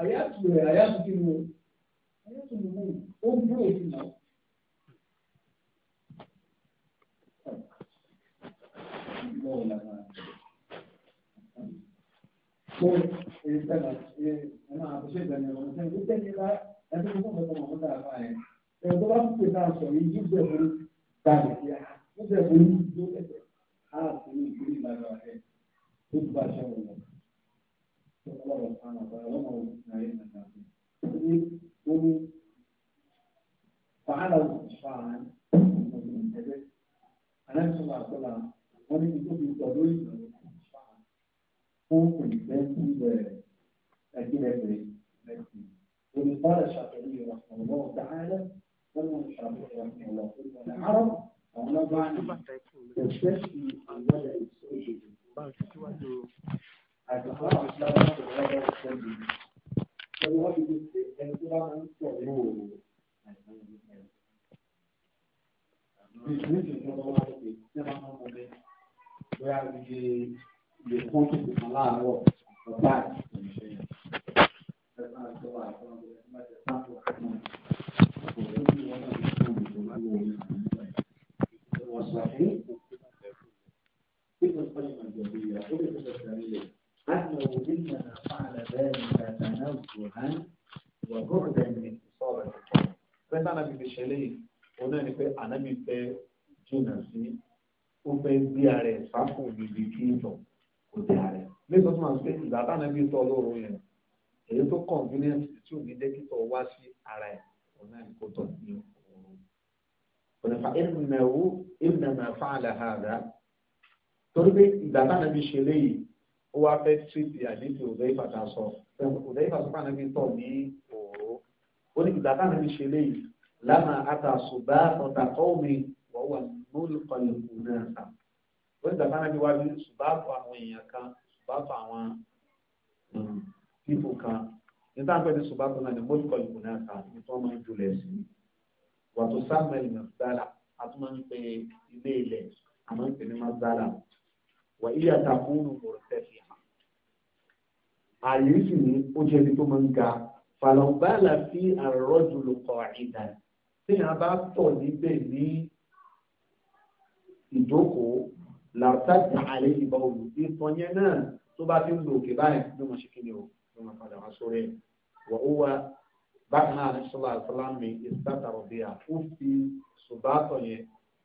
àyàtú rẹ̀ àyàtú kí ni o àyàtú mi wò ó ń búrò sí náà. So, it's kind of, it's, I know, I appreciate that, you know, I'm saying, you tell me that, that's what I'm talking about, that, ẹ̀rọ tó bá ń pè náà sọ yìí yóò bẹ̀ fún balẹ̀ yá yóò bẹ̀ fún yóò bẹ̀ fún ààfin ìgbéyìí lára rẹ̀ tó bá ṣe wọn. fàálà fàá ẹgbẹ́ aláìsọ̀rọ̀ àtọ́là wọn ní ìtòkì ìtọ́ lórí ìtọ́jú fàá fún olùfẹ́ǹtì rẹ̀ ẹgbẹ́rẹ́gbẹ́ lẹ́sìn olùfàá ṣàtẹ̀lé ìwàsànlọ́ dáhàlẹ́ wọn ní ìṣàlùfẹ́ ìwàsànlọ́ tó ń bọ̀ àárọ̀ àwọn ọlọ́gbà ẹ̀ṣẹ́ sí àwọn ẹ̀ṣẹ́ ìṣòro. àti fún àwọn tí wọ́n sọ̀rọ̀ láyé ọ̀sẹ̀ tánàbí tọ́ lóru yẹn èyí tó convenient tí ò ní jẹ́ kí tọ́ wá sí ara ẹ̀ ọ̀nà ìkó tọ̀ ní òru. ònàfà ìnàwó ìnàmà fáàlà hàdá torí pé ìgbà tánàbí ṣe léyìí ó wá fẹ́ tírìtì àdéhùn òdò ìfàtà sọ òdò ìfàtà sọ tánàbí tọ̀ ní òru. ó ní ìgbà tánàbí ṣe léyìí lámà àtàṣùbà ọ̀tàkọ́ mi wọ́n wà lórúkọ ìlú náà sá. wá ní ṣùbà àwọn èèyàn kan ṣùbà àwọn fífò um, kan níta pẹ́ ní ṣùgbọ́n kan náà ni mọ́lùkọ́ ìbò náà ta ní tí wọ́n máa ń jùlẹ̀ sí wàtò samuel mazala a tún máa ń pe ilé ilẹ̀ a máa ń pè ní mazala wà ilé àtàkùnrin mọ̀rọ̀tẹ́fì àyè sì ni ó jẹ́ ibi tó máa ń ga fàlọ́bàlà fi àrọ́jù lùkọ̀ ìdá tí a bá tọ̀ níbẹ̀ ní ìjókòó làtàkì àlẹ́ ìbá olùdí tọ́yẹ náà tó bá fi ń lo òkè báyìí ló mọ̀ ṣe kí ni o ló mọ̀ padà wá sórí ẹ̀ wà ó wá bákan náà ní sọlá àfọlámi ìsítàtà ọ̀bẹ à ó fi ṣùbátọ̀ yẹn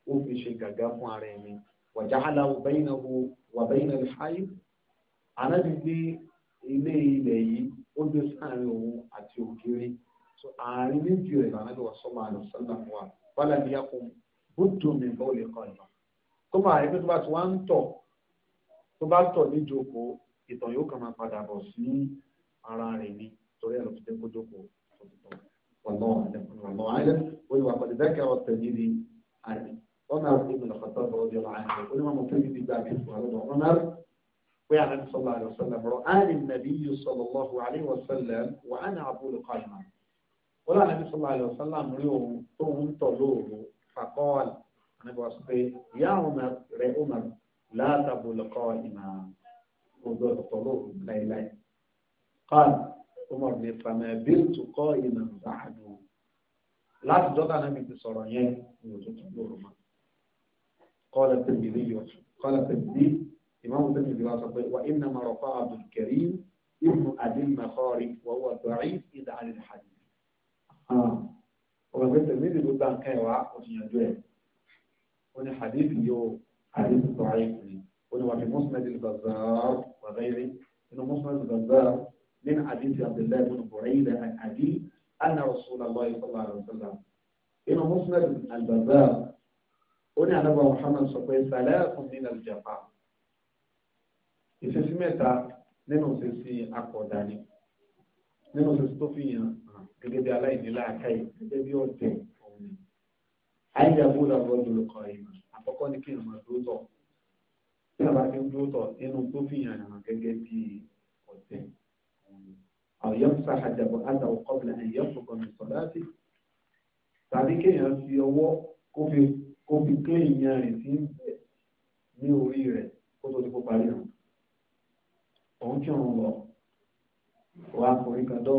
ó fi ṣe gàgá fún ara ẹ̀mí wàjà hàlà ọ̀bẹ́yìn náà wà bẹ́yìn náà ṣáyé ànábi gbé ilé ilẹ̀ yìí ó gbé sáàrin òun àti òkèrè tó àárín méjì rẹ̀ lànàbí wà sọ́mọ́ àlùsọ́lá wa wàlá ní yàkùn bùtù mi bọ́ kọ́ tó bá tọ̀ níjókòó ìtọ̀ yóò kàn máa padà bọ̀ sí ara rẹ̀ ni torí ẹ̀rọ fìdí kó jókòó والله عليه وسلم وأنا أقول قائما ولا النبي صلى الله عليه وسلم اليوم توم طلوب فقال أنا بواسطة يا عمر لا تقول قائما ọ̀dọ̀ ọ̀tọ̀ lóòrùn láéláé. kan ọmọ mi fàmì ẹbí tó kọ́ ìnà ìbáàdù láti dọ́kà náà mi ti sọ̀rọ̀ yẹn ní òtútù lóòrùn mọ́. kọ́lá tẹ̀lé ilé yọ kọ́lá tẹ̀lé ìmáàmù tẹ̀lé ìlú wa sọ pé wà ìnà máa rọ̀fà àbùkẹ́rì ìmù àdìl màkọ́rì wọ́wọ́ dọ̀rí ìdá àdìl hàdì. ọmọ mi tẹ̀lé ìlú gbàǹkẹ́ wa òtúnyànjú ẹ̀ ó ní hàdì yóò hàdì tó في مسند البزار وغيره إنه مسند البزار من حديث عبد الله بن بريدة عن أبي أن رسول الله صلى الله عليه وسلم إنه مسند البزار أني هنا أبو محمد صلى الله عليه وسلم من الجفاء ìfẹsímẹta nínú sísí akọdani nínú sísí tó fi hàn gẹ́gẹ́ bí aláìníla àkàyè gẹ́gẹ́ bí ọ̀tẹ̀ ọhún ni àyè àbúrò àbọdùn lọkọ yìí àkọ́kọ́ ní kí n máa dúró tọ tí a bá ti ń dúró tọ̀ inú tó fi hàn hàn gẹ́gẹ́ bí ọ̀tẹ̀ àwọn yẹn sá àjàbọ̀ àdà ọkọ̀ bìlà ẹ̀yẹ́ fọkàn ní sọ̀dá sí tàbí kéèyàn fi ọwọ́ kó fi kí èèyàn rìn sí ìbẹ̀ ní orí rẹ̀ kó tó ti kó parí hàn òun kí òun lọ òun akọrin kan dọ́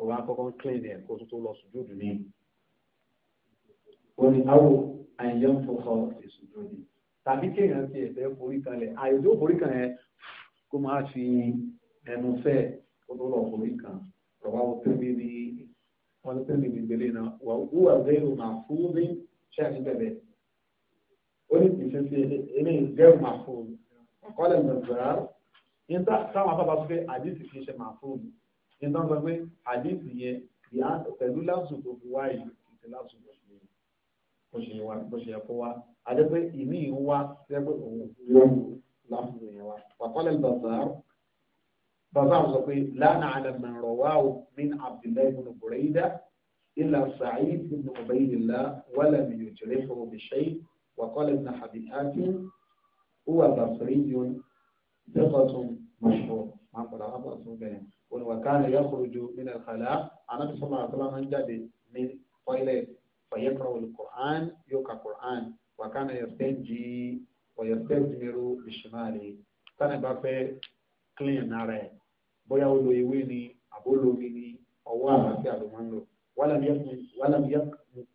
òun akọ́kọ́ kílìn ẹ̀ kó tó tó lọ sùjúdù ní. wọ́n ní awo àyẹ̀yẹ́ fọkàn ní sùjúdù ní tàbí kéèyàn ti ẹ̀fẹ́ forí kanlẹ̀ àìjó forí kan yẹn kó máa fi ẹnu fẹ́ kó tó lọ forí kan rọ̀wá òtẹ́bí ní wọ́n tẹ́lẹ̀ ní ìgbélé náà wà wúwà bẹ́ẹ̀ máa fún ní ṣáàṣì bẹ̀rẹ̀ ó ní kìí ṣe ṣe eré gẹ́rù máa fún ọ̀kọ́lẹ̀ gbẹ̀gbẹ̀rẹ̀ ní táwọn afábá sọ pé àdìsí kìí ṣe máa fún ní táwọn sọ pé àdìsí yẹn pẹ̀lú láṣù tó fi wáyé ìṣẹ̀lá àdẹ́pẹ́ ìní ìhun wa sẹ́gbẹ́ òun lọ́wọ́ láfùrù yẹn wa wàkọ́lẹ̀ bàbáàrù bàbáàrù sọ pé lánàá àlàmà rọ̀wá o min abdullahi ibn burayda ila sa'id ibn ubaydillah wala mi yujrihu bi shay wàkọ́lẹ̀ ibn habihati huwa basriyun thiqatun mashhur máa ń padà wá bọ̀ fún bẹ́ẹ̀ o ní wàkàlẹ̀ yẹ kúrò ju min al-khala anábìsọ́mọ́ máa ń jáde ní toilet fàyẹ́kọ̀ọ́ olùkọ́ wàkánà yọ̀sẹ́ǹjì ọ̀yọ̀sẹ́ǹjì mẹ́rù ìṣùmáàlì tánà bá fẹ́ clean ara ẹ̀ bóyá ó lo ewé ni àbó lo omi ni ọwọ́ àlàáfíà ló máa ń lò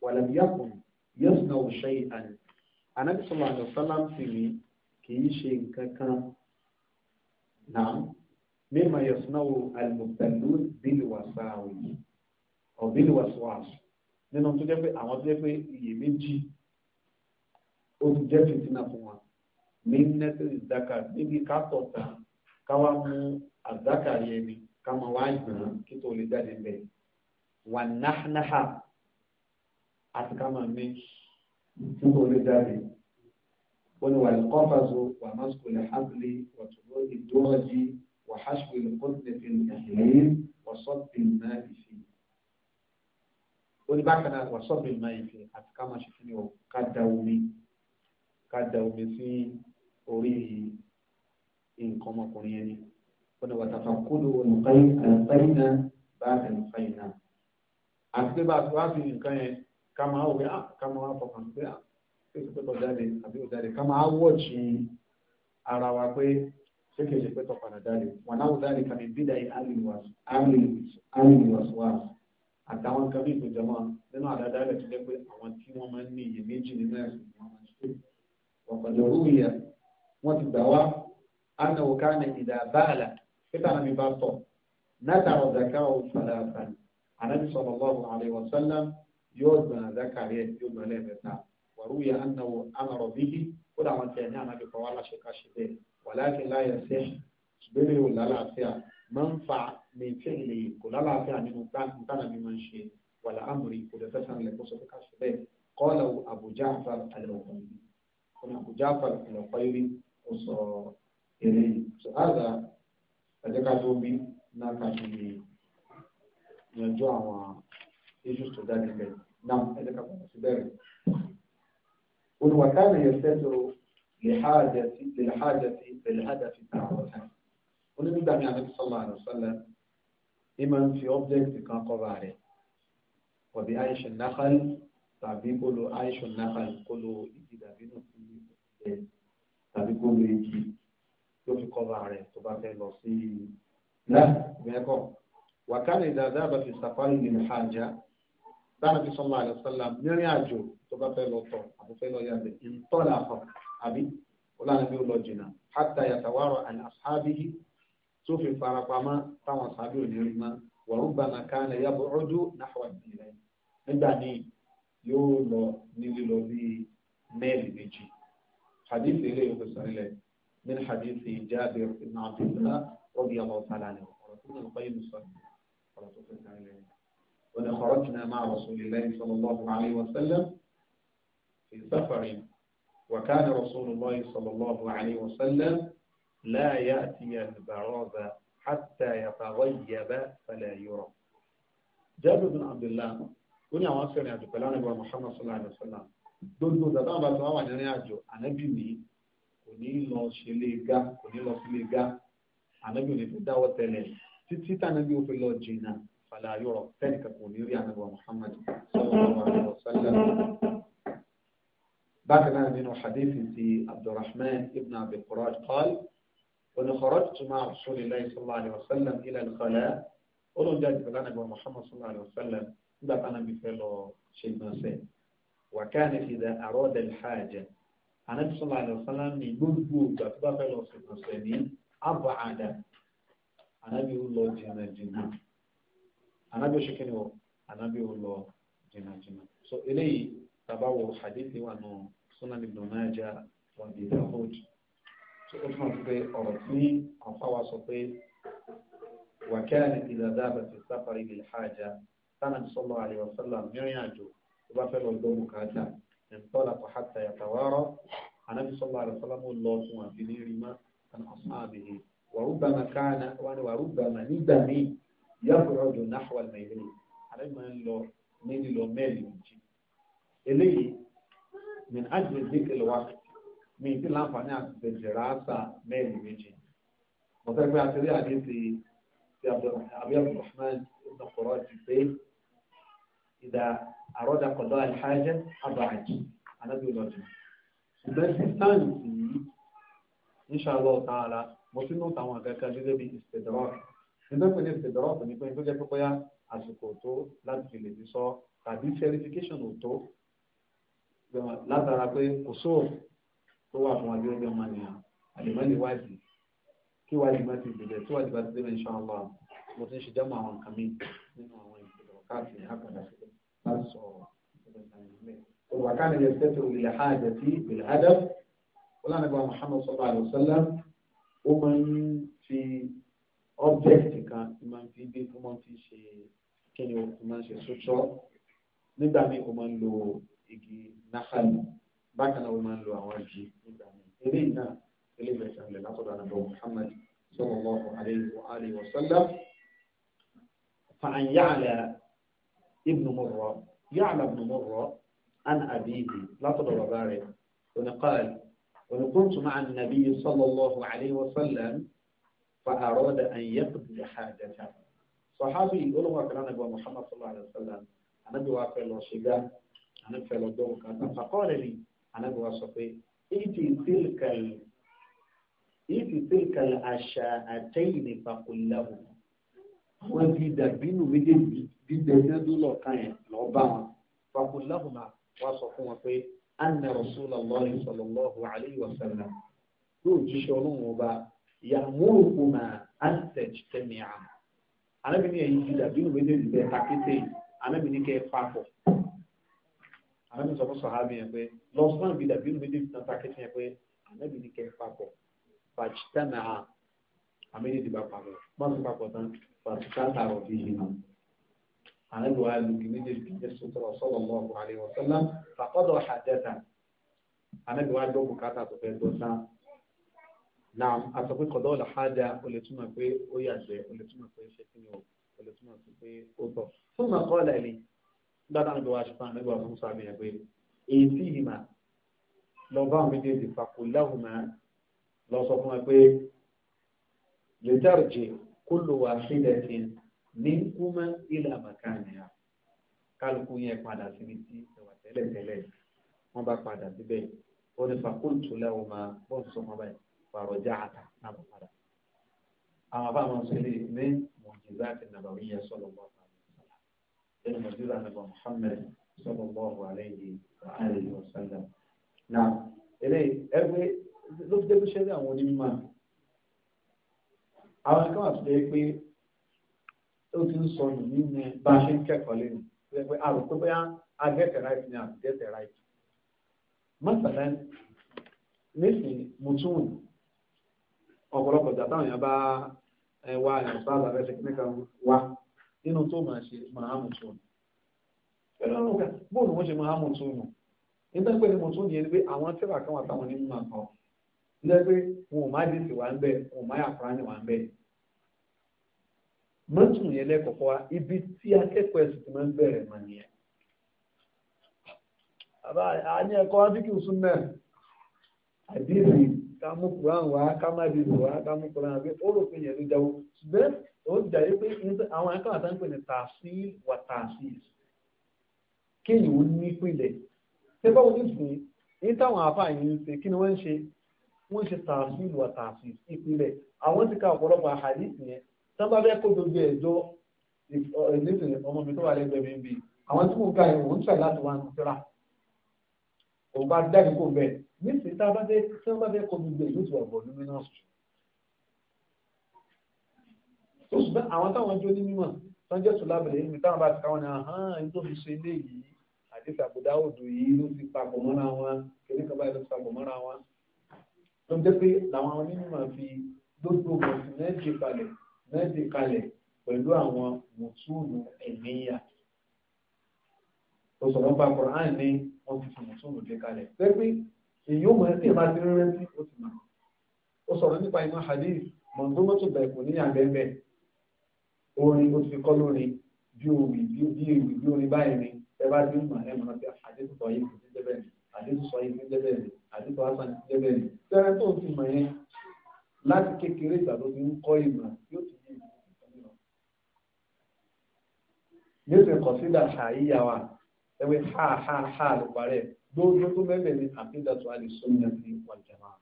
wàlàbíyàkùn yẹ́sùn náà ṣe ìtàní. ànábì sallallahu alaihi wasallam sì ni kì í ṣe nǹkan kan náà mímọ yẹsùn náà àlùmọ̀tàlù bílì wàsáwì ọ̀ bílì wàsáwì nínú tó ó ti jẹ́ fìtínà fún wa ní nẹ́sẹ̀rì zaka níbi ká tọ̀tà ká wá mú àzaka yẹn ni ká máa wá gbọ̀n kí tó lè jáde bẹ̀ wà náhánáhà àti ká máa mí kí tó lè jáde wọ́n ni wà ní kọ́fàzó wà másùkò lè hábìlì wà tòló ìdúrójì wà háṣùwì lè kọ́tìlẹ̀ wà sọ́ọ̀tì náà ìfì oníbàkànnà wà sọ́ọ̀tì náà ìfì àti ká máa ṣe fún mi ká da omi ká da omi sí orí nǹkan ọmọkùnrin yẹn ni wọn wà tàfà kúlù olùkọ́yìn náà bá ẹnìkọ́yìn náà àti pé bá a ti wá fi nǹkan yẹn ká máa wọ ah, ká máa wá fọkàn pé à ah, ṣé ìsopẹ́tọ̀ jáde àbí òjáde ká máa wọ̀ọ̀ṣì ara wa pé ṣé kìí ṣe pẹ́tọ̀ padà jáde wọn náà wọ́n jáde kàmí bídà yìí àtàwọn kan bí ìgbèjọba nínú àdáda rẹ̀ ti jẹ́ pé àwọn tí wọ́n máa ń ní iyèméjì nínú ẹ̀sìn ni máa ń ṣe ọ̀pọ̀lọpọ̀ wọ́n ti gbà wá ana òkàna ìdá báàlà pípa àmì bá tọ̀ látàrọ̀ zaka òfàlà àfàlì ànábi sallallahu alaihi wasallam yóò gbọ̀n àdákàrí ẹ̀ yóò gbọ̀n lẹ́ẹ̀mẹ́ta wàrúyà ana àmọ̀rọ̀ bíbí ó dàwọn tẹ̀ ní ànábi kọ́ wá láṣẹ káṣí bẹ́ẹ̀ wàláàkì láyà sẹ́ ṣùgbọ́n yóò lálàáfíà máa ń fa mẹ́fẹ́ ilẹ̀ yìí kò lálàáfíà nínú tánàbí máa ń ṣe wàlà àmọ̀rí kò dẹ̀ fẹ́ sanlẹ̀ kó sọ fún káṣí bẹ́ẹ̀ kọ́ أبو جعفر الخيري وصار إليه هذا أذكرته بي ناكاشي ينجو عن يجوز تدان الليل نعم أذكرته سبيري قل وكان يستتر لحاجة للحاجة للهدف تعوتان قل نبدأ من النبي صلى الله عليه وسلم إما في أوبجكت كان قباري وبأيش النخل tàbí kó lo aisho nakal kó lo igi jẹ tàbí kó lo igi tó fi kọ́ ara rẹ̀ tó bá fẹ́ lọ sí ilá mẹ́kọ̀. wàkàlẹ̀ ìdàdà bá fi sàfárì nínú àjà dáná fi sọ́mọ́ àlẹ́ sọ́lá mìíràn àjò tó bá fẹ́ lọ tọ̀ àbí fẹ́ lọ yàgbẹ́ ìtọ́lá àfọ̀ àbí ọlọ́run bí ó lọ jìnnà hátà yàtàwárọ̀ àni àṣábìyí tó fi farapamọ́ táwọn sábì ò ní rí mọ́ wàrúbà nàkàlẹ̀ yàbọ̀ ọdún náà wà nígbà míì yóò lọ ní lílọ bíi mẹ́ẹ̀lì méjì حديث إليه في الصحيح من حديث جابر بن عبد الله رضي الله تعالى عنه ورسول القيم الصحيح وأن خرجنا مع رسول الله صلى الله عليه وسلم في سفر وكان رسول الله صلى الله عليه وسلم لا يأتي البراز حتى يتغيب فلا يرى جابر بن عبد الله كنا يا عبد الله محمد صلى الله عليه وسلم gbogbo dàtà àbá tí wọn wà nínú àjò ànábì ní kò ní lọ ṣe lé ga kò ní lọ sílé ga ànábì ní fi dáwọ́ tẹ́lẹ̀ títí tànábì ó fi lọ jìnnà fàlà yọrọ tẹnìkan kò ní rí ànábì Muhammad sallallahu alaihi wasallam. bákan náà nínú hadithi ti Abdurrahman ibn Abi Qurad qal wọn kharajtu tuma Rasulillahi sallallahu alaihi wasallam ila al-khala olóńjà ìfẹlẹ ànábì Muhammad sallallahu alaihi wasallam nígbà tànábì fẹ́ lọ ṣe ìgbọ̀nsẹ̀ wàkàní ìdá àrọ́dẹ̀ ìhàjẹ́ anabi sọlá àdàsánlá ní gbogbo ìgbà tó bá fẹ́ lọ sọ̀tọ̀sẹ̀ ní abọ́ àdá anabi ó lọ jìnnà jìnnà anabi ó ṣèkínní o anabi ó lọ jìnnà jìnnà so eléyìí tàbá wọ hadithi wà nù sunan ibn Majah wà bí dahud so ó túmọ̀ sí pé ọ̀rọ̀ tí àfáwà sọ pé wàkàní ìdá dábàtì sáfàrí lè hàjá sanabi sọlá àdàsánlá mìíràn àjò tó bá fẹ́ lọ gbọ́ bùkátà ẹ̀ńtọ́lá kò hàtà yàtàwárọ̀ ànábì sọ́lá rẹ̀ sọ́lá mọ́ lọ fún àfi ní rí má kan ọ̀sán àbìyẹ wàrúbàmà káàna wà ní wàrúbàmà nígbà míì yàgòrò dùn náhùwà mẹ́rin ànábì máa ń lọ mẹ́rin lọ mẹ́rin méjì eléyìí min ajli dhikri waqt mi ti láǹfààní àti bẹ̀rẹ̀ àṣà mẹ́rin méjì mo fẹ́ pé àtẹ̀lé àdéhùn ti abdulrahman ibn ti pé ìdá àrọ́dà kọ̀dọ̀ alhaja abàájì alábìlọ́jọ. ṣùgbọ́n sísan yìí inṣàlọ́ tààlà mo tún náà táwọn akẹ́kọ̀ọ́ gẹ́gẹ́ bí ìṣèdọ́rọ̀ nígbà pé ní ìṣèdọ́rọ̀ ní pé tó jẹ́ pé bóyá àsìkò tó láti fi lè fi sọ tàbí verification ò tó látara pé kò sóò tó wà fún abiyọ́ bí ọmọ nìyà àlèmọ́lì wáàdì kí wáàdì má ti bẹ̀rẹ̀ tí wáàdì bá ti dé inṣàlọ́ mo ti ń ṣe jẹ́mọ̀ àwọn nǹkan mi كان يستتر لحاجة بالهدف ولا نبغى محمد صلى الله عليه وسلم ومن في أوبجكتك ومن في بيت ومن في شيء كان ومن في سوشو ندعني ومن لو يجي نخل بكنا ومن لو أواجي ندعني إلينا إلينا بإسلام للأطول أنا بو محمد صلى الله عليه وآله وسلم فأن يعلى ابن مرة يعلى ابن مرة an abibi látọ̀dọ̀ bàbá rẹ̀ oníkàl oníkùntù máa nàbí sallallahu alayhi wa sallam fa àròdà àyẹ̀kùtù hajjata sọ̀hábì olùwà kan nàbí wa muhammad sallallahu alayhi wa sallam anabi wa fẹ́ lọ ṣìgá anabi fẹ́ lọ dọ́wọ́ kan náà fàkọ́ọ̀lẹ̀ ni anabi wa sọ pé ìtì tìlkàl ìtì tìlkàl àṣà àtẹ́yìn ìfàkùnláwò wọ́n di dàbínú méjèèjì dídẹ̀ ẹ̀dẹ́dúlọ̀ kan yẹn lọ́ọ́ bá wọn fàkùnláwò máa wá sọ fún wọn pé anna rasulallah sallallahu alayhi wa sallam yóò jíṣẹ́ ọlọ́run ọba yàmúrù kùmà ansẹj tẹmíà alábìíní ẹ̀yìn ti dàbí ìwé ní ìbẹ̀ takété alábìíní kẹ́ papọ̀ alábìíní sọ fún sọ̀hábì yẹn pé lọ́sàn-án bí dàbí ìwé ní ìbẹ̀ takété yẹn pé alábìíní kẹ́ papọ̀ fàjítàmíà àmì ìdìbà papọ̀ mọ́tò papọ̀ tán fàjítàmíà rọ̀ bí yìí náà ànábì wa lu kìíní lè fi jésù tọrọ sọlọ lọ ọkọ àlẹ wọsọlá fàkọdọ àjẹta ànábì wa gbọ́ bùkátà tó fẹ́ gbọ́ sá náà àtọkùn kọdọ làhájà ó lè túmọ̀ pé ó yàgbẹ́ ó lè túmọ̀ pé ṣe kí ni o ó lè túmọ̀ pé ó tọ̀ fún mi kọ́ ọ̀la ẹ̀lẹ́ dáadáa ànábì wa ṣùgbọ́n ànábì wa fún sàmì ẹ̀ pé èyí tí ì mà lọ bá àwọn méjèèjì fàkó láwùmá lọ sọ fún wa pé lè dárò jẹ kó lò wá sílẹ̀ sí i ní kúmọ́ ilẹ̀ àmàkànìyà kálukú yẹn padà síbi tí ẹwà tẹ́lẹ̀tẹ́lẹ̀ wọ́n bá padà síbẹ̀ ó ní fàkóòtù lẹ́wọ̀n máa bọ́ọ̀n sọ wọn báyìí fàrọ̀já àtà náà bọ̀ padà. àwọn àbá àwọn sọlẹ̀ ní mọ̀jìlá àti nàbàwí yẹn sọ̀rọ̀ bọ́ ẹnu mọ̀jìlá nàbà Muhammad sọ̀rọ̀ bọ́ àlẹ́yìn wà á lè lọ sọ́dà. na eléyìí ẹgbẹ́ ló fi dé bí sẹ́dá àwọn onímọ̀ àwọn kan wà tó ó ti ń sọ yìí ní bá a ṣe ń kẹ́kọ̀ọ́ lẹ́nu ṣe pé àrùn pé bóyá a get it right ni a get it right. mọ́sàlẹ́ nísìnyí mo tún wù ọ̀pọ̀lọpọ̀ ìjà táwọn èèyàn bá wá ẹ̀yàn sáà lábẹ́ ṣe kíníkà wá nínú tó mọ́tún yẹn lẹ́kọ̀ọ́kọ́ wa ibi tí akẹ́kọ̀ọ́ ẹ̀sìn ti máa ń bẹ̀rẹ̀ mọ̀ nìyẹn. àbá àní ẹ̀kọ́ abíkí òsùn náà àdéhùn ká mú kuran wá ká àbí ó yẹn ló jáwó ṣùgbọ́n ó jà yí pé àwọn akẹ́kọ̀ọ́ àti àǹpẹ̀ ní tààsí wà tààsí kéèyàn ó ní pínlẹ̀ ṣé báwo ní sùn táwọn sábà fẹ́ kó gbogbo ẹ̀jọ́ ìlẹ́sìn uh, ọmọ mi tó wà lẹ́gbẹ̀ẹ́ mi bì àwọn tí mo ga ẹ̀ wọ́n ń tẹ̀ láti wá nùtẹ́rà òun bá jáde kó bẹ́ẹ̀ nísìnyí tá a bá fẹ́ sábà fẹ́ kó gbogbo ẹ̀jọ́ ti wà bọ̀ nínú náà sùn. tó ṣùgbọ́n àwọn táwọn jó ní mímọ̀ tó ń jẹ́ sùn lábẹ̀lẹ̀ yìí táwọn bá ti káwọn ní ahán ẹni tó fi ṣe ilé yìí àti sàbùdá òdò yìí ló ti papọ̀ mọ́ra wọn kéré kan báyìí ló ti mẹ́sì kalẹ̀ pẹ̀lú àwọn mùtúùlù ẹ̀míyà tó sọ̀rọ̀ pa Quran ní wọ́n ti fi mùtúùlù dé kalẹ̀ pẹ́pẹ́ èyí ó mọ̀ ẹ́ tí ìbá ti rẹ́rẹ́ sí ó mọ̀ ó sọ̀rọ̀ nípa ìmọ̀ hadith mọ̀tòmọ́tò bẹ̀kù ní àbẹ́bẹ̀ orin ó ti kọ́ lórí bí omi bí ewì bí orin báyìí ni ẹ bá dín mọ̀ ẹ mọ̀ àdéhùn sọ yìí ti jẹ́ bẹ́ẹ̀ ni àdéhùn sọ yìí ti jẹ́ bẹ́ẹ̀ ni àdéhùn hasan ti jẹ́ bẹ́ẹ̀ ni tẹ́rẹ́ tó ti mọ̀ yẹn láti kékeré ìgbà tó ti ń kọ́ ìmọ̀ yóò ti yóò sì kọ̀ sídà ṣàyíyá wa ẹwẹ́ ha ha ha ló parẹ́ gbogbo tó mẹ́fẹ̀ẹ́ ní àfihàn tó a lè sọ ní ẹni wal jamaa.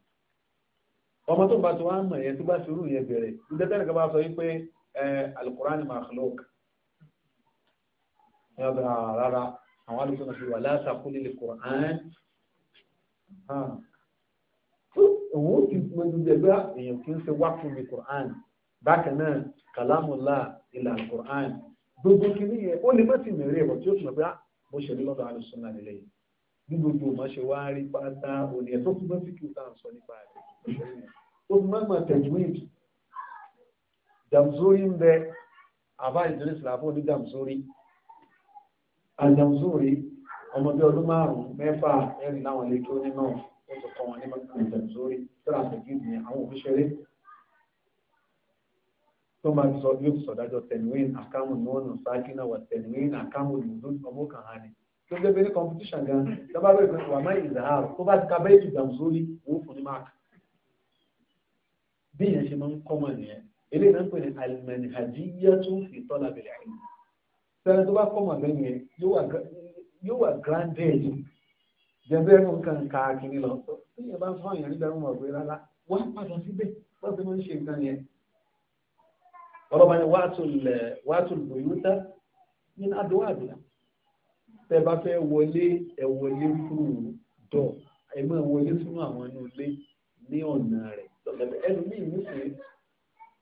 ọmọ tó bá ti wá mọ̀ yẹn tó bá ti rú yẹn bẹ̀rẹ̀ ìdẹ́ tẹ́lẹ̀ kan bá sọ wípé alukurani makhluk ní ọ̀dọ̀ ah, rárá àwọn alùpùpù náà fi wà látàkùn lè kùrán òun ti gbogbo ẹgbẹ́ ah, èèyàn kì í ṣe wákùn kùrán bákan náà kàlámùlá gbogbo kìíní yẹn ó lè má ti mẹ̀rẹ̀ ẹ̀wọ̀ tí ó sùn pé á bó ṣe lọ́dọ̀ alùsùn náà nílẹ̀ yìí ní gbogbo ọmọ ṣe wá rí pátá òní ẹ̀ tó fún mọ́ sí kí o tá à ń sọ nípa rẹ̀ tó fún mọ́ mọ́ tẹ̀júwìd dàmzórí ń bẹ àbá ìdílé sàlápọ̀ ní dàmzórí àdàmzórí ọmọ bíi ọdún márùn-ún mẹ́fà ẹ̀rìn láwọn ilé tó ní náà ó sọ wọn ní dàmzórí tó máa fi sọ yóò fi sọ̀dájọ́ tẹ̀wéìn àkámù nọ́ọ̀nù sákínà wà tẹ̀wéìn àkámù lùdó ọmọ kan hàn ní. tó ń gbé ní competition gan lọ́ba bẹ́ẹ̀ pé wà má ìzàhàr tó bá ti ka bẹ́ẹ̀ ti dàm sórí òun fún ní máàkì. bí ìyẹn ṣe máa ń kọ́mọ nìyẹn eléyìí náà ń pè ní alimẹnihajiyya tó ń fi tọ́lá bẹ̀rẹ̀ àyè. sẹ́ni tó bá kọ́mọ bẹ́ẹ̀ yẹn yóò wà grounded jẹ́bẹ́ẹ́ nù kan káàkiri lọ. tó yẹ bá fọ́ ọlọ́ba ni wàásùl bòyútà ní adúwàbíà tẹ́ bá fẹ́ wọlé ẹ̀ wọlé fún dọ̀ ẹ̀ máa wọlé fún àwọn inú ilé ní ọ̀nà rẹ̀ ẹlòmíì nísìnyí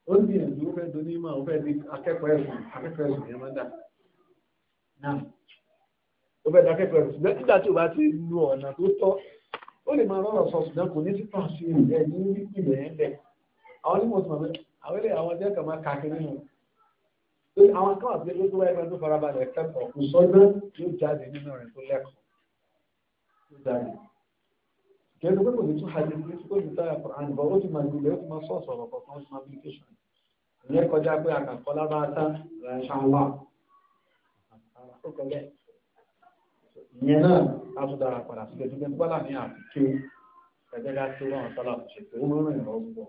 ó ń gbìyànjú ó fẹ́ doní máa ó fẹ́ di akẹ́kọ̀ọ́ ẹ̀sùn akẹ́kọ̀ọ́ ẹ̀sùn yẹn máa dà náà ó fẹ́ di akẹ́kọ̀ọ́ ẹ̀sùn ṣùgbọ́n nígbà tí o bá ti lu ọ̀nà tó tọ́ ó lè máa rọrọ̀ sọ ṣùgbọ́n kò ní sí pàṣẹ ìrẹ̀ ní ìpìlẹ̀ ẹ̀ bẹ̀ àwọn onímọ̀ tó máa bẹ̀rẹ̀ àwọn ilé àwọn jẹ́ kàmá káàkiri nù àwọn kan àti ilé tó wáyé máa tó farabalẹ̀ kẹ́kọ̀ọ́ kò sọ́gbọ́n yóò jáde nínú rẹ̀ tó lẹ́kọ̀ọ́ tó jáde kẹ́kọ̀ọ́ pé kò ní tún hajj ní tó ní táyà kọ̀ àǹbọ̀ ó ti máa gbìyànjú ó ti máa sọ̀ọ̀sọ̀ ọ̀rọ̀ kọ̀ọ̀kan ó ti máa application ìyẹn kọjá pé àkàkọ́ lábára tá ṣàǹwà ó kọ bẹ́ẹ̀ ìyẹn náà a tún dára padà sí ẹ̀dùn tó bá láàrin àti ẹgbẹ́ dá tó rán ọ̀sán láti ṣètò ó máa ń rìn lọ́wọ́ púpọ̀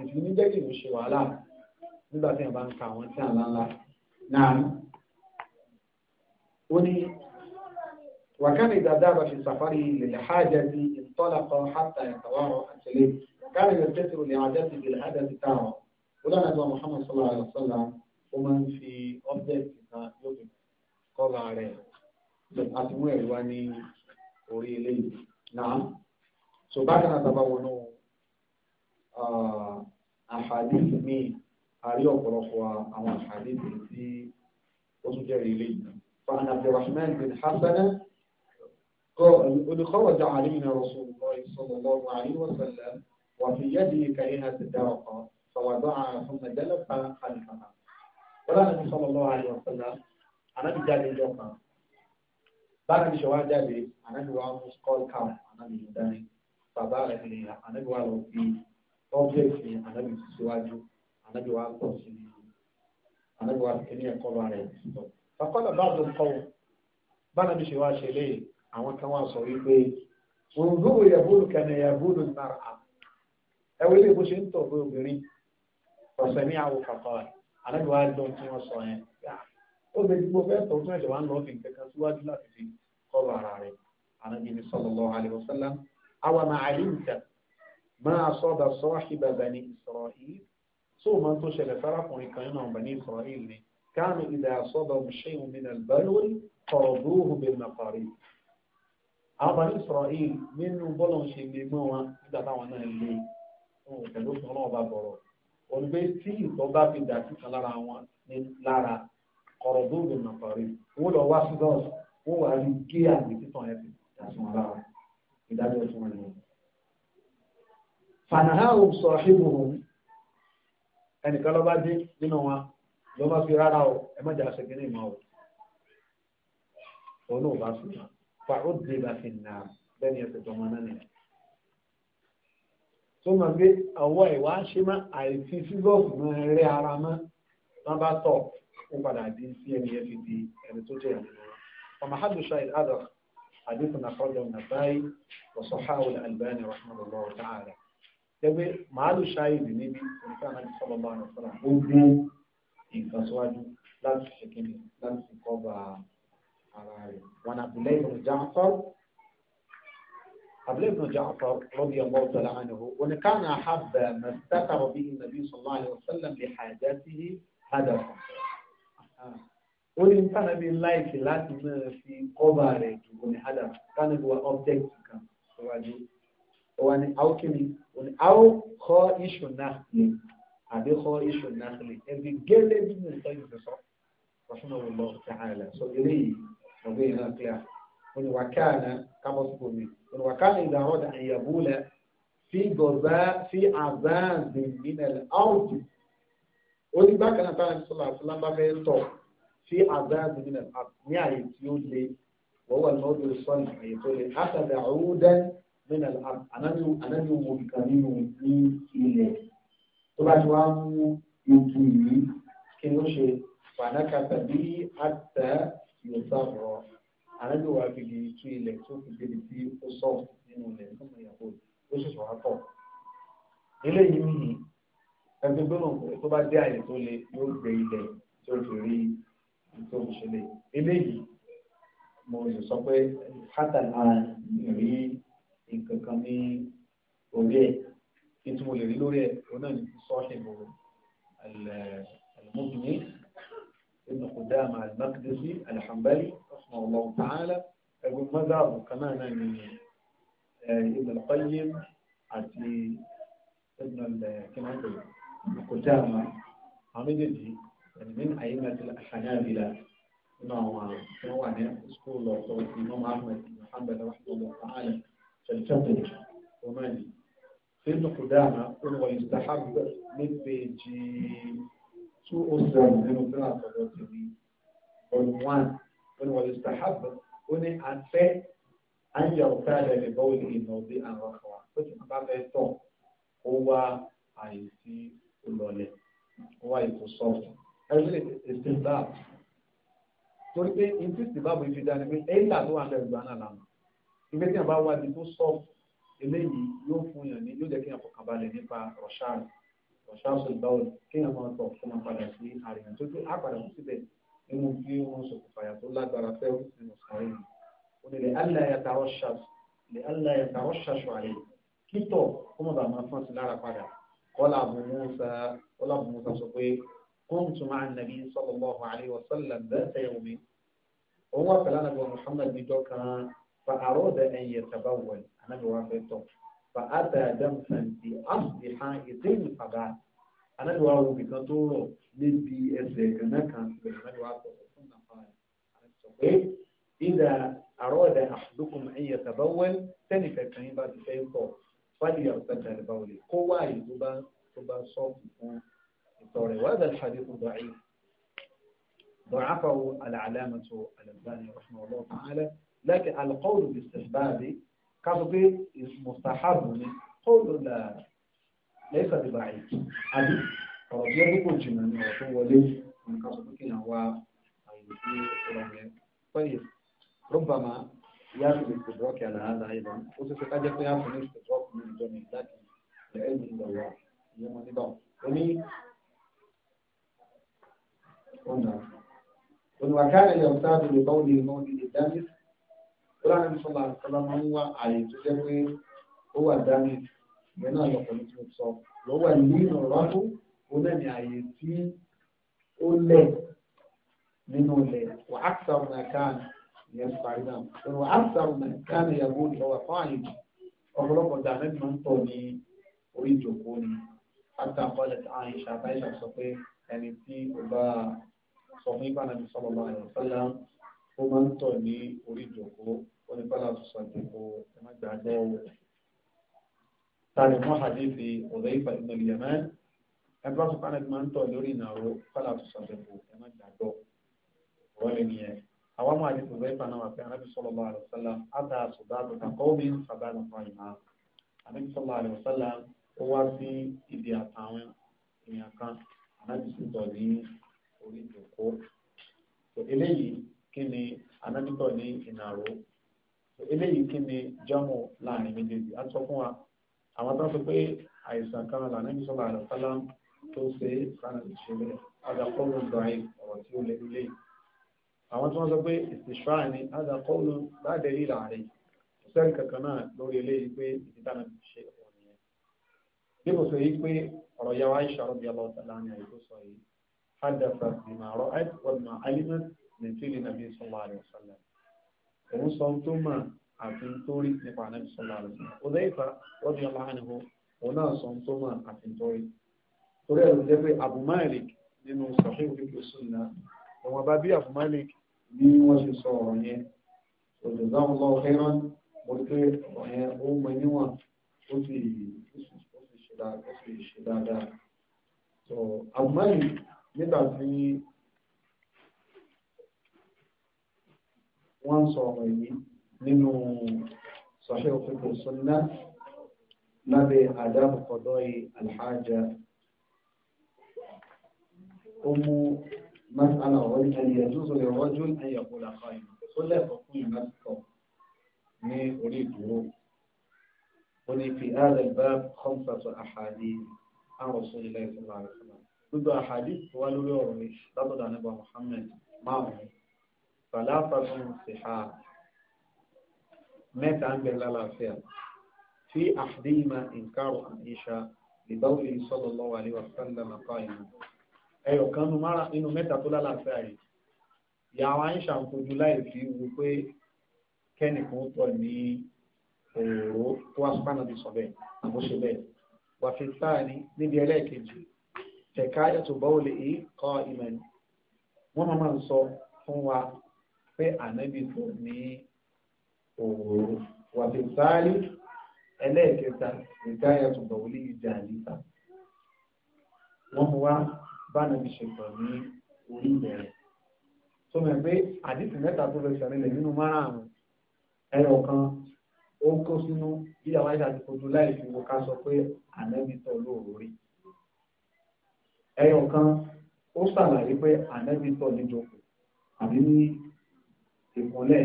ẹ̀sìn ní jẹ́kì ló ṣe wàhálà nígbà tí wọ́n bá ń ka àwọn tí àlá ńlá náà ó ní wàkánì ìdàdá bá fi sàfárì lè hájà sí ìtọ́lákọ̀ hátà ìtàwárọ̀ àtẹlẹ́ káàrí rẹ̀ tẹ́sìrò lè hájà sí ìlẹ̀ hájà sí táwọn ó lọ́nà tó Muhammad sallallahu alaihi ó máa ń fi ọ́bẹ̀tì kan yóò kọ́ra rẹ̀ àti mú ẹ̀rí wá ní orí eléyìí náà so bákan náà tábà wọnú àhàdìsì míì àrí ọ̀pọ̀lọpọ̀ àwọn àhàdìsì tí ó tún jẹ́rìí ilé yìí. فعن عبد الرحمن بن حسن قال خرج علينا رسول الله صلى الله عليه وسلم وفي يده كريهة الدرقة فوضعها ثم جلس خلفها wọ́n láti sọ́mọ́ lọ́wọ́ àyè ọ̀sánná anábì jáde ìjọ kan báàbí ṣọwá jáde anábì wa mú skọ́l káwọn anábì yìí dání bàbá rẹ̀ nìyà anábì wa lọ fi ọbẹ̀tì ànábì síwájú ànábì wa pọ̀ sí i ànábì wa kí ní ẹ̀kọ́ lọ rẹ̀ sọ. bàkọ́lá bá ló kọ́ bánàbí ṣe wá ṣe léyìn àwọn kan wá sọ wípé òǹdóò yàgbóòlù kan yàgbóòlù nàrà ẹ wọ ilé ìbùsùn tó bẹ obìnrin ọ̀sẹ̀ ní àwọn kàkọ́ ànábì wa dán tí wọ́n sọ yẹn ó lè dìbò fẹ́ tọ́ fún ẹ̀ṣẹ̀ wa ń lọ fi nǹkan kan síwájú láti fi kọ́ lọ máa sọ́dà sọ́ọ́hìbà bani Isra'il tó o máa tó ṣẹlẹ̀ farakùnrin kan nínú bani Isra'il ni káàmì ìdá sọ́dà ṣéun min al-balwi tọ̀ọ̀dúhù bil maqarid. àwọn bani Isra'il nínú bọ́lọ̀ ṣe lè mọ́ wọn nígbà táwọn náà lé wọn ò tẹ̀lé òfin ọlọ́wọ́ bá bọ̀rọ̀ olùgbé tí ìtọ́ bá fi dà kíkan lára wọn ní lára tọ̀ọ̀dúhù bil maqarid fanahahu sahibuhum ẹnìkan ló bá dé nínú wọn ló bá fi rárá o ẹ má jà ṣègbè ní ìmọ̀ o òun náà bá fi hàn fàáhù dé bá fi nà bẹ́ẹ̀ni ẹsẹ̀ tó wọn náà nìyẹn. tó máa gbé àwọ̀ ìwà ṣe má àìfi fílọ́ọ̀fù máa rẹ́ ara mọ́ wọn bá tọ̀ ó padà dín sí ẹni ẹ fi di ẹni tó jẹ́ ìyàwó wọn. ọmọ hàdùsá ìlàdọ̀ حديث أخرجه النسائي وصححه الألباني رحمه الله تعالى ẹgbẹ́ màálù ṣáìdì níbi ìfẹ́ àmàlì sọ́lọ́ bá rẹ̀ sọ́lá ogun nǹkan síwájú láti ṣe kíni láti fi kọ́ba ara rẹ̀ wọn àbúlé ìbùnú jáfọ́ àbúlé ìbùnú jáfọ́ rọ́bì ọmọ ọ̀tọ̀lá ànìhó wọn ni káwọn àhábà mẹ́tàkà rọ̀bì ìnàbí sọ̀lá àlẹ́ ọ̀sẹ́lẹ̀ lè hàjá sí hádàfọ́ ó ní tánàbí láìsí láti máa fi kọ́ba rẹ̀ dùn ní hádàfọ́ tánàbí wa ọ́bjẹ́kì kan síwájú. وان او كمي وان او خائش النخل ابي خائش النخل ابي جل ابن الطيب رحمه الله تعالى صدري ربنا كلا وان وكان كما سبني وان وكان اذا اراد ان يبول في غزاء في عذاب من الارض وان باك انا صلى الله عليه وسلم باك ينطق في عذاب من الارض يعني يقول وهو الموت الصالح يعني يقول اخذ عودا mẹ́nà ànábì wo ìkan nínú ní ilẹ̀ tó bá ti wá mú ètò yìí kí ló ṣe pàdákà tàbí àtẹ yòóta rọ ànábì wa fi lè tú ilẹ̀ tó fi débi tí ó sọ nínú ilẹ̀ tó mọ ìyàwó ó sì sọ wá tọ̀ eléyìí nìyí ẹgbẹ́ gbọ́dọ̀ tó bá dé àyè tó le yóò gbé ilẹ̀ tí fi rí tó fi ṣẹlẹ̀ mo lè sọ pé kátà náà. معنا من ابن القيم عتي ابن الكنعبي القتامة عميد دي يعني من أئمة الحنابلة إمام هو عنه سكول الله طولت إمام أحمد محمد رحمه الله تعالى فالتقل وماني في ابن قدامة قل ويستحب من بيجي سوء السلام من أبناء الله تعالى قل ويستحب قل ويستحب قل ويستحب àyè ọ̀ká ẹ̀rẹ̀ bọ́ọ̀lù ìnàdí àwọn ọ̀kọ̀wà tó ti bá fẹ́ tọ̀ ó wá àyè sí olọ̀lẹ̀ ó wá ètò sọ́ọ̀tù ẹgbẹ́ ètò ìbáà torí pé ìtú ìsìnbáàbò ìfi dání pé ẹ̀yìnlá tó wà ń bẹ̀rù gbàánà lànà ìgbé tí a bá wá di tó sọ́ọ̀tù eléyìí yóò fún yàn ní yóò jẹ́ kí yàn fọkàn balẹ̀ nípa rọ̀ṣáàlì ṣáàṣù ìbáwò kéèyàn máa tọ̀ kó máa padà sí àríyàn tó tó á padà kú síbẹ̀ nínú bí wọ́n ṣokùnfàyà tó lágbára fẹ́ nínú sàárè yìí ni lè alẹ́ ayàtàrọ̀ ṣàṣù lè alẹ́ ayàtàrọ̀ ṣàṣù àlẹ́ kítọ̀ kó mọ̀ bá máa fọ́n sí lára padà kọ́lá Abu Musa kọ́lá Abu Musa sọ pé kuntu ma'a an-nabi sallallahu alayhi wa sallam dhata yawmin òun wà pẹ̀lú anabi wa Muhammad níjọ́ kan fa arada an yatabawwal anabi wa fẹ́ tọ̀ fa ata damsan bi asdi ha ìdéyìn fàgà anabi wa wo nìkan tó rọ̀ níbi ẹsẹ̀ gànà kan ìbẹ̀rẹ̀ anabi wa sọ pé ìdá أراد أحدكم أن يتبول تنفى كان يعني بعد فيكو فليغتسل بولي قوى تبا تبا صوف الطوري وهذا الحديث ضعيف ضعفه العلامة الألباني رحمه الله تعالى لكن القول باستحباب كذب مستحب قول لا ليس بضعيف أبي فرضي يقول جنان وشو ولي من كذب كنا هو طيب rọ́bàmà yá tó lè tẹ̀dọ́ọ̀kì àlàáda ìlọ ó sì fẹ́ kájẹ́ pé a fún ní tẹ̀dọ́ọ̀kì ní ìjọ ní láti ẹ̀ẹ́dì ìlọ̀wọ̀ ìyẹn mọ níbà ó ní ọ̀nà olùwàkárẹ̀ yà ọ̀tá àdúgbò bá òní ìmọ̀ ní ìdáni kúrò ní sọ́lá kọ́lá máa ń wá àyè tó jẹ́ pé ó wà dání ìyẹn náà lọ́pọ̀ ní tó sọ lọ́wọ́ ní ọ̀rọ̀ tó ó náà ní àyè tí ó lẹ̀ nínú ilẹ̀ wà á kà ọ̀nà káàní يسمعون وأكثر من كان يقول هو قائد ọ̀pọ̀lọpọ̀ dà nẹ́bí máa ń tọ̀ ní orí ìjòkó ni àti àpọ̀lẹ̀ tí àwọn ìṣà àbáyé sọ pé ẹni tí ó bá sọ fún ìgbà náà sọ̀rọ̀ bá yẹn sọ́lá ó máa ń tọ̀ ní orí ìjòkó ó ní bá láti sọ ìjòkó ẹ má gbà gbọ́ wò. tani fún hadithi ọ̀dọ́ ìfà ìmọ̀ ìyẹ̀mẹ́ ẹ bá sọ fún ẹni máa ń tọ̀ lórí ìnàró bá láti ìjòkó ẹ má gbà gbọ́ wọ́n àwọn ọmọ àdìsí ọ̀rẹ́ ìfà náà wà pé anábì sọ̀rọ̀ bá àlọ́ sọ́lá ádá àṣùdá àbùkà kọ́ọ̀mì sábà nà fún àyìnbá anábì sọ̀rọ̀ àlọ́ sọ́lá ó wá sí ibi àtàwọn èèyàn kan anábì sọ̀tọ̀ ní orí ìjòkó eléyìí kí ni anábì sọ̀ ní ìnàró eléyìí kí ni jámù láàrin méjèèjì á sọ fún wa àwọn tó ń sọ pé àìsàn kan là anábì sọ̀rọ̀ àlọ́ sọ́lá tó ṣe é kánà ìṣẹ̀lẹ̀ àwọn tí wọ́n sọ pé ìsìṣọ́ àní adàkọ́ọ̀lù láti rí láàrin sẹ́ni kankan náà lórí eléyìí pé ìdítànà ti ṣe ọ̀rọ̀ yẹn bí mo sọ yìí pé ọ̀rọ̀ yà wá ìṣòro bí ọlọ́ ọ̀tá láàrin àìkú sọ yìí hadasa bima ra'at wa ma alimat min fili nabi sallallahu alaihi wasallam òun sọ tó mà àfi tó rí nípa nabi sallallahu alaihi wasallam ó dẹ́yìí fa yọ láàrin hó òun náà sọ tó mà àfi tó torí ẹ̀ ẹ̀wọ̀n bá bí àfún Malik bí wọ́n ṣe sọ ọ̀rọ̀ yẹn òjòjá wọn lọ fẹ́ràn mo rí pé ọ̀rọ̀ yẹn ó mọ níwọ̀n ó sì ṣe dáadáa so àfún Malik nígbà tí wọ́n sọ ọ̀rọ̀ yìí nínú sọ̀hẹ́ òfin kò sọ́nà lábẹ́ àdáàbò kọ̀dọ́ yìí alhaja ó mú مسألة وقلت هل يجوز للرجل أن يقول قائمة قل له فكل مسألة مي أريد قلي في هذا الباب خمسة أحاديث عن رسول الله صلى الله عليه وسلم ضد أحاديث سؤال لورمي ضد عن أبو محمد ما هو فلا تظن الصحاح مات عن بلال عفير في أحدهما إنكار عن عائشة لدوره صلى الله عليه وسلم قائما ẹyọ̀kan nínú mara nínú mẹ́ta tó lálàáfíà yìí ìyá wa ń ṣàǹfojú láì fi wo pé kẹ́nìkan tọ̀ ní òòró tó wá sùpánà bí sọ bẹ́ẹ̀ àbóṣe bẹ́ẹ̀ wà fi sáà ní níbi ẹlẹ́ẹ̀kejì ẹ̀ka ẹ̀tọ́ bọ́ọ̀ lè yí kọ́ ìmọ̀ ni wọ́n máa ń sọ fún wa pé ànábì tó ní òòró wà fi sáà ní ẹlẹ́ẹ̀kẹta ẹ̀ka ẹ̀tọ́ bọ́ọ̀ lè yí jà níta wọ́n mú wa bánàbí ṣètò ní orí ìbẹ̀rẹ̀ tó mẹ pé àdìsí mẹ́ta tó lọ ìṣàlẹlẹ nínú márààrún ẹyọ kan ó kó sínú bí àwọn àìsàn ti kojú láì fi wo ká sọ pé ànábì tọ lóòrò rí ẹyọ kan ó ṣàlàyé pé ànábì tọ níjókòó àbí ní ìkúnlẹ̀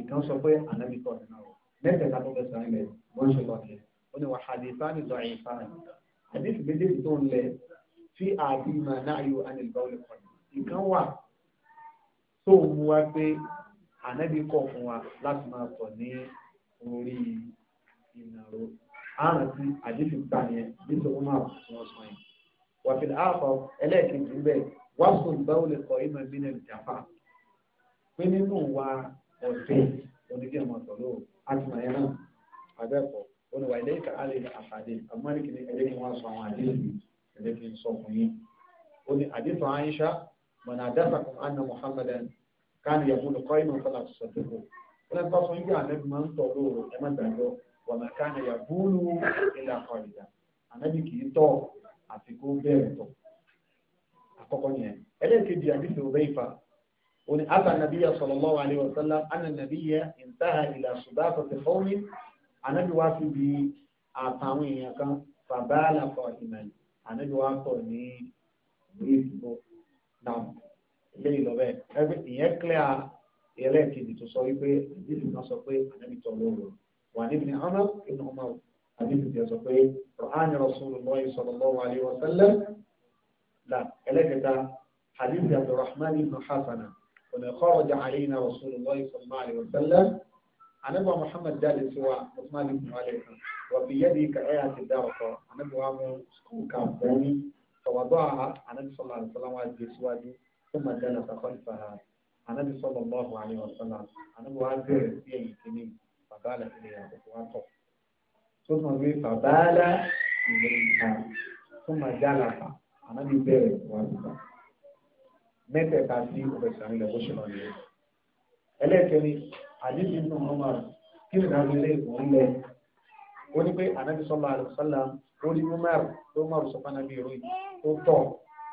ìkan sọ pé ànábì tọ nínú ọ̀rọ̀ mẹ́tẹ̀ẹ̀ta tó lọ ìṣàlẹlẹ wọn ṣe lọ kẹ ó ní wàhálì ìfáàní lọ ìfáàní àdìsí méjèèjì tó ń lẹ tí àbí máa náà yóò á nílùú báwọlẹ̀ kọ́ nǹkan wà tó mú wa pé ànábì kọ̀ fún wa láti máa sọ ní orí ìnàró àrùn tí àdìsí gbà yẹn nítorí máa wọ́n sọ yẹn wàfíìlì àpọ̀ ẹlẹ́ẹ̀kejì ń bẹ̀ wá sùn báwọlẹ̀ kọ́ ìmọ̀ ìbílẹ̀ ìjàpá pé nínú wa ọ̀dẹ́ onídìí ọmọ sọ̀rọ̀ àtìmáyé náà àbẹ́kọ̀ oníwà ilé ìkà àlè àfàdé àmọ́ ní kìnnìkan ẹ̀yẹ́ kí wọ́n sọ àwọn àdìsí yìí ẹ̀jẹ̀ kí n sọ fún yín ó ní àdìsọ àyíṣà mọ̀nà àdásàkùn anna muhammadan káàní yàgùnú kọ́ inú fọlá sọ̀tẹ̀kù ó lẹ́nu bá fún yín bí ànábì máa ń tọ̀ lóòrò ẹ má gbàgbọ́ wọ̀nà káàní yàgùnú ilà kọ̀ọ̀dà ànábì kì í tọ̀ àfi kó bẹ́ẹ̀ tọ̀ àkọ́kọ́ yẹn ẹlẹ́ẹ̀kejì àdìsọ òbẹ́ìfà ó ní àtà nàbíyà sallallahu alaihi wasallam ànà nàbíyà ìntàhà ìlà sùdáfọ̀ ànábi wa sọ ní ìwé ìdìbò náà eléyìí lọ bẹ́ẹ̀ ẹgbẹ́ ìyẹn clear ẹlẹ́ẹ̀kejì tó sọ wípé àdìsí náà sọ pé ànábi tọ̀ lóru wà níbi ní ọmọ inú ọmọ àdìsí ti sọ pé rọ̀hánì Rasulullah sallallahu alaihi wa sallam là ẹlẹ́kẹta àdìsí Abdurrahman ibn Hasana wa kharaja alaina Rasulullah sallallahu alaihi wa sallam anabi muhammad dali tiwa usman ibn alaykum wa bi yadi ka aya ti dawo ko anabi wa mu school ka boni to wa ba anabi sallallahu alaihi wasallam wa ji tiwa ji kuma dala ta khalfaha anabi sallallahu alaihi wasallam anabi wa bere ti yi kini fabala ile ya ko wa to so mo bi fabala ile ya kuma dala ta anabi bere wa ta mẹ́tẹ̀ẹ̀ta sí ọ̀pẹ̀sán ilẹ̀ bó ṣe lọ nìyẹn ẹlẹ́ẹ̀kẹ́ni àdìsí tó mọ́ máa kí ìdájọ́ ilé ìwọ̀n lẹ̀ ó ní pé ànábì sọ́lá àlùsọ́lá ó ní umar tó umar sọ fún ànábì ìròyìn tó tọ̀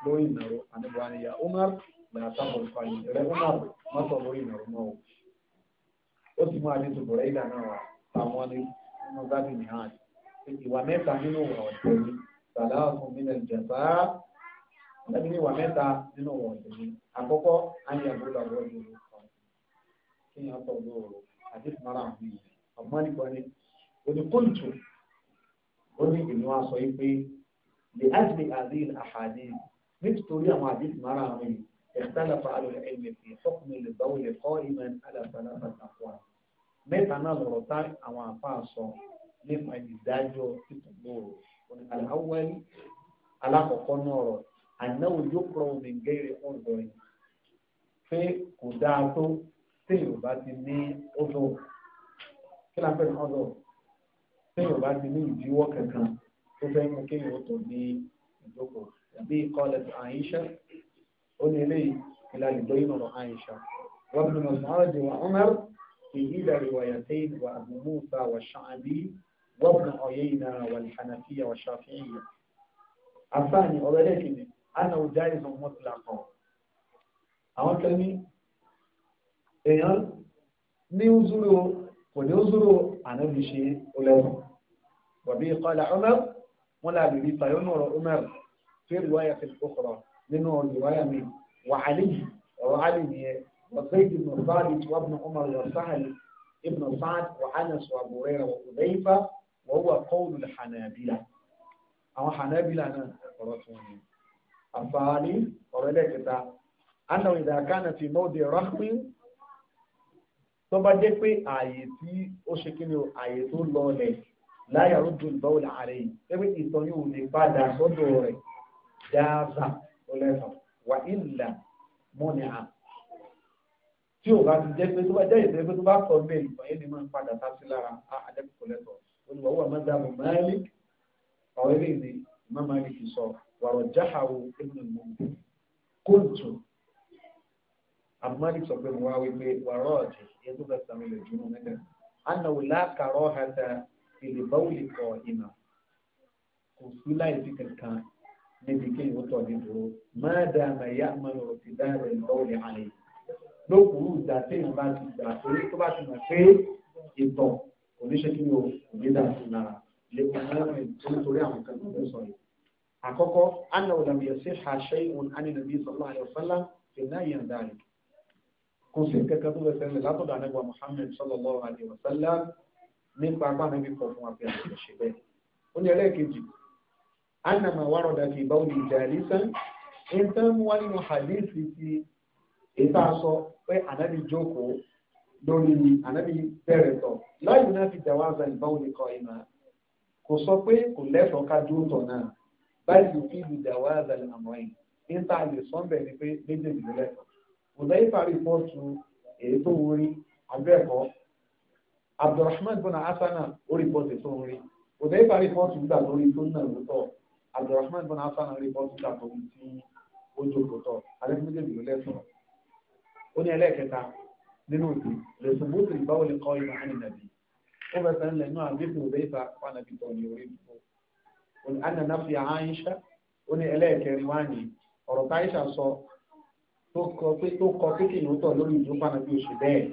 lórí ìnàró ànábì wa níyà umar gbàyà sábà ń fàyè rẹ umar má tọ̀ lórí ìnàró náà ó sì mú àdìsí bọ̀rẹ́ ìdá náà wà táwọn ní inú gáàdì nìhàn ìwà mẹ́ta nínú ìwà ọ̀dọ́ ni sàlá fún mi lẹ́nu jẹ̀fà ànábì ní ìwà mẹ́ta nínú ìwà ọ̀dọ́ ni àkọ́kọ́ àyè àbúrò àbúrò kéèyàn tọ̀lé ọ̀rọ̀ àdéhùn mara àwọn yìí ọ̀gbọ́n nìkan ni oníkóòtù ó ní ìlú wa sọ pé lè ájìlè àdéhùn àhàdé nítorí àwọn àdéhùn mara àwọn yìí ìtàlàfà àlọ́ ẹ̀mí fi fọ́kùnrin lè báwo lè kọ́ ìmọ̀ alàfàlàfà àkọ́ mẹ́ta náà lọ̀rọ̀ tá àwọn àfa sọ nípa ìdájọ́ títúgbòrò aláwọ̀ẹ́lì alákọ̀ọ́kọ́ náà rọ̀ ànáwó yóò kọ́ omi gẹ́rẹ́ ọ̀dọ́ yìí pé kò dáa tó tí yorùbá ti ní ọdọ kí la fẹ́ ọdọ tí yorùbá ti ní ìdíwọ́ kankan tó fẹ́ mú kí yóò tó ní ìdókò bí kọ́lẹ̀ àyíṣà ó ní eléyìí ìlà ìdó yìí nọ̀rọ̀ àyíṣà wọ́n bí wọn sọ́ọ́ di wọn ọmọ fi ìdá riwayatain wa Abu Musa wa Sha'bi wa Ibn Uyayna wa al-Hanafiyya wa Shafi'iyya àfáàní ọ̀rẹ́dẹ̀kìnì ana ò jáde sọ mọ́tìlá àwọn kẹ́mi èèyàn ní uzuru kò ní uzuru ànábi ṣe ọlẹ́nu wàbí ìkọlà Umar wọn làbí rí tayọ́nù ọ̀rọ̀ Umar fi riwaya fi ukhra nínú riwaya mi wà Ali ọ̀rọ̀ Ali nìyẹn wà Zayd ibn Thabit wà ibn Umar wà Sahl ibn Sa'd wà Anas wà Abu Hurairah wà Hudayfa wà huwa qawlu al àwọn Hanabila náà ọ̀rọ̀ tó wọn àǹfààní ọ̀rọ̀ ẹlẹ́kẹta anna idha kana fi mawdi rakhmin tó bá jẹ́ pé ààyè tí ó ṣe kí ni ààyè tó lọlẹ̀ láyà ó dùn lọ́wọ́ láàárẹ̀ yìí pẹ́pẹ́ ìtàn yóò lè padà sọ́dọ̀ rẹ̀ dáadáa ọlẹ́sàn wà ìlà mọ́ni à tí ò bá ti jẹ́ pé tó bá jẹ́ ìtàn pé tó bá kọ́ bẹ́ẹ̀ ìtàn yẹn ni máa ń padà sá sí lára àdẹ́kùkọ̀ lẹ́tọ̀ olùwàwọ̀ àmọ́dàbọ̀ máàlì ọ̀rẹ́lẹ̀ ìdè ìmọ̀ máàlì fi sọ wàrọ̀ jáhàwó ẹ̀mí mọ́ kóòtù àbúmọ́lì sọ pé mo wá wípé wàrọ̀ ọ̀jì ètò kẹsàn-án ilẹ̀ jùmọ̀ mẹ́ta anáwó lákàrọ̀ hàtà ìlébáwòlì kọ ìmọ̀ kò sí láì sí kankan níbi kí ìwọ́n tọ̀ ní dúró máa dá àmà ìyá àmà ọ̀rọ̀ ti dá rẹ̀ lọ́wọ́lì àlè lókùrú ìgbà tí bá ti gbà torí tó bá ti mọ̀ pé ìtọ̀ oníṣẹ́ kí ni o kò ní dà sí lára lẹ́kùn mẹ́rin tó ń àwọn kan tó ń sọ yìí àkọ́kọ́ anáwó làmìyàn sí àṣẹ ìwọ̀n ánìlẹ́bí sọ́lá àyọ̀sọ́lá ìnáyàn dáre kò sí kẹ̀kẹ́ tó fẹsẹ̀ ńlẹ̀ látọ̀dọ̀ anẹ́gbà Muhammad sallallahu alayhi wa sallam nípa apá níbi kọ̀ fún àbí àṣẹ ṣe bẹ́ẹ̀. ó ní ẹlẹ́ẹ̀kejì anama wàrọ̀dà fi báwo lè jà àlísán ìtàn wà nínú hadithi ti ìta sọ pé ànábì jókòó lórí ànábì bẹ̀rẹ̀ tọ̀ láyé náà fi jàwá àzà ìbáwo lè kọ ìmọ̀ kò sọ pé kò lẹ́tọ̀ọ́ ká dúró náà báyìí fi ìdàwá àzà ìmọ̀ yìí ìta lè sọ́ńbẹ̀ ni pé méjèèjì lẹ́tọ̀ọ́ Hudhaifa rìpọ́ọ̀tù èyí tó wù rí abẹ́ẹ̀kọ́ Abdulrahman bọ́nà Asana ó rìpọ́ọ̀tù tó ń rí Hudhaifa rìpọ́ọ̀tù gbà lórí tó ń nà lóòótọ́ Abdulrahman bọ́nà Asana rìpọ́ọ̀tù gbà lórí tí ó jókòó tọ́ alẹ́ fún méjèèjì ló lẹ́sọ̀ọ́ ó ní ẹlẹ́ẹ̀kẹta nínú ìlú lẹ́sùnbùtù ìbáwò lè kọ́ ìmọ̀ àní nàbí ó fẹ́ sẹ́ń lẹ́nu àbíkú ìbẹ́fà pànàbí tó ní ọ̀rọ̀ káyíṣà sọ tó kọ pé tó kọ pé kí lóòótọ́ lórí ìlú pàmò bí oṣù bẹ́ẹ̀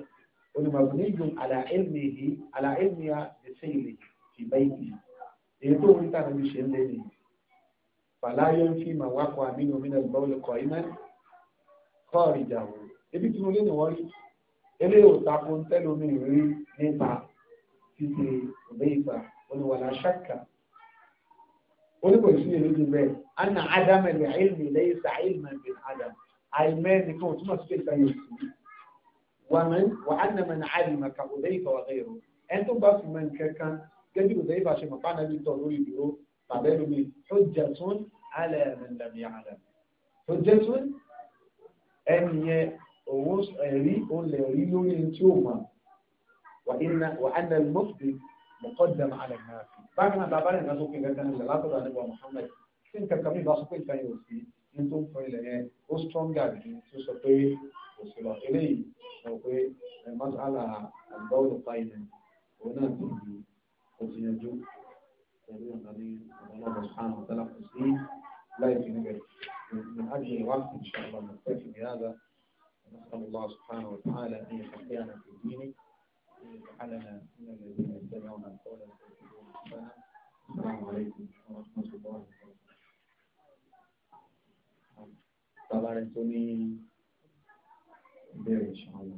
olùmọ̀gbìn níjù àlàémìí àlàémìá ẹ̀sẹ̀ ìlẹ̀ ìbá ìbí èyí tó orí tàbí oṣù ń lẹ́nu fàlàyé ń fi mà wá kọ àmínú mi náà gbọ́wọ́ kọ iná kọ́ọ̀rì ìjàwó ebi tí mo lé ní wọ́n rí eléyìí ò ta fún tẹ́lómi rí nípa títí òbẹ́ ìfà oníwàlá ṣáka oníkòsí ìlú ti bẹ́ẹ̀ anna adam ẹ̀lẹ́ lẹ́yìn sa ilmi bin àìmẹ́nìkan ò túmọ̀ sí pé ìgbà yóò sí wàhánà mẹ́ni àìmọ̀ kà òde ìfà wà gẹ́ ìrò ẹni tó bá fi mọ nǹkan kan gẹ́gẹ́ òde ìfà ṣe mọ̀ fáànà bí tọ̀ lórí ìdúró tàbí ẹlòmí tó jẹ tún alẹ́ ẹ̀rìn lẹ́mí alẹ́ tó jẹ tún ẹni yẹn òun ẹ̀rí òun lè rí lórí ẹni tí ó mọ̀ wàhánà mọ́fìdì mọ̀kọ́dà alẹ́ náà bákan náà bàbá rẹ̀ náà sọ pé gẹ́gẹ́ ní tó ilẹ̀ yẹn ó stronger jù tó sọ pé kò sí lọ eléyìí sọ pé masala àgbáwọlọ fáìlì òun náà ti di òtìyànjú pẹ̀lú ọ̀nà ní ọ̀nà subhanahu wa kò sí láì fi níbẹ̀ من أجل الوقت إن شاء الله نكتفي بهذا ونسأل الله سبحانه وتعالى أن يفقهنا في دينه ويجعلنا من الذين يستمعون القول ويتبعون أحسنه السلام عليكم ورحمة الله وبركاته tabarẹ tó ní ìbéèrè ìṣàlọ.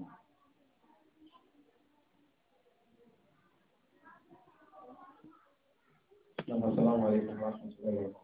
Assalamu alaikum warahmatullahi wabarakatuh.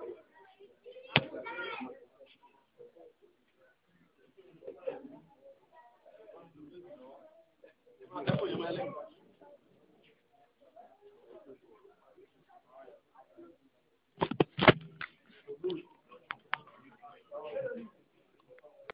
Thank you.